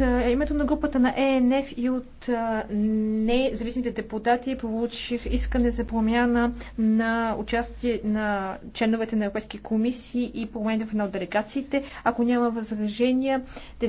Е, името на групата на ЕНФ и от е, независимите депутати получих искане за промяна на участие на членовете на Европейски комисии и промяна в една от делегациите. Ако няма възражения,